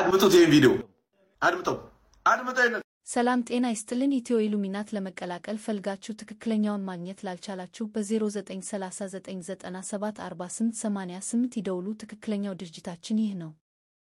አድምጡት። ይህን ቪዲዮ አድምጠው አድምጠው። ይነ ሰላም ጤና ይስጥልን። ኢትዮ ኢሉሚናት ለመቀላቀል ፈልጋችሁ ትክክለኛውን ማግኘት ላልቻላችሁ በ0939974888 ይደውሉ። ትክክለኛው ድርጅታችን ይህ ነው።